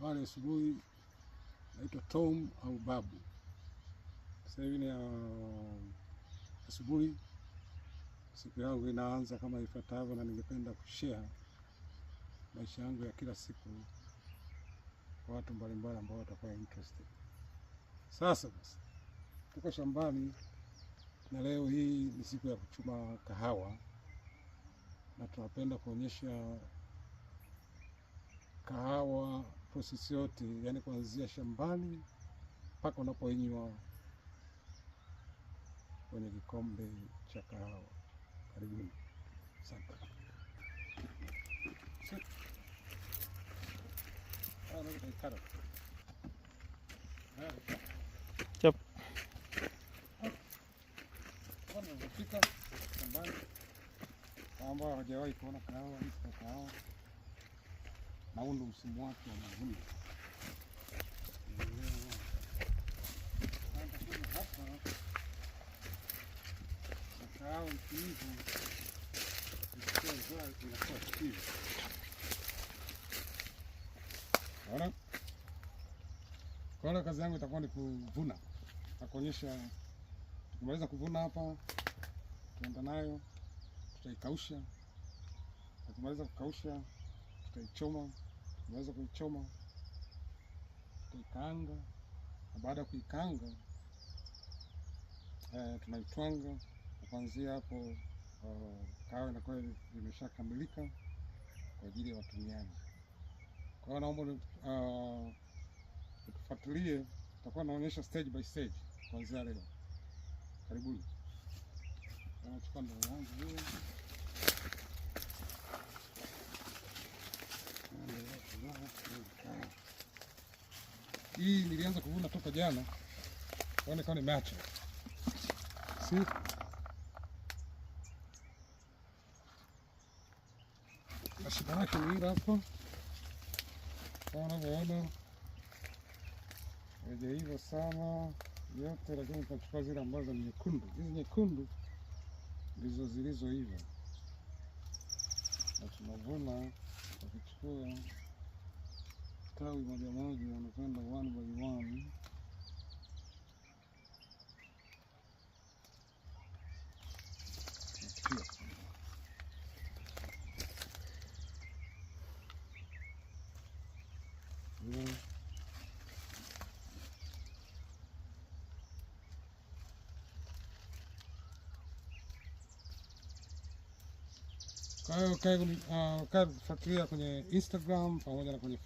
Habari asubuhi, naitwa Tom au Babu. Sasa hivi ni uh, asubuhi, siku yangu inaanza kama ifuatavyo, na ningependa kushare maisha yangu ya kila siku kwa watu mbalimbali ambao watakuwa interested. Sasa basi, tuko shambani na leo hii ni siku ya kuchuma kahawa, na tunapenda kuonyesha kahawa sisi yote, yani kuanzia shambani mpaka unapoinywa kwenye kikombe cha kahawa. Karibuni, sana. ambao hawajawahi kuona kahawa, kahawa na huu ndio msimu wake wa mavuno. Naona kwa hiyo kazi yangu itakuwa ni kuvuna, takuonyesha tukimaliza kuvuna hapa, tuenda nayo tutaikausha, tukimaliza kukausha tutaichoma unaweza kuichoma kuikaanga, na baada ya kuikaanga e, eh, tunaitwanga kuanzia hapo. Uh, eh, kawa inakuwa imeshakamilika kwa ajili ya watumiaji. Kwa hiyo naomba uh, eh, tufuatilie, tutakuwa naonyesha stage by stage kuanzia leo. Karibuni. Nachukua ndoo yangu hiyo. hii nilianza kuvuna toka jana, naona yaani kama ni macho si mashina yake ni hapo, kama unavyoona hajaiva sana yote, lakini tunachukua zile ambazo ni nyekundu. Hizi nyekundu ndizo zilizoiva na tunavuna, tukichukua tawi moja moja, unakwenda Kwa hiyo ukae uh, kufuatilia kwenye Instagram pamoja na kwenye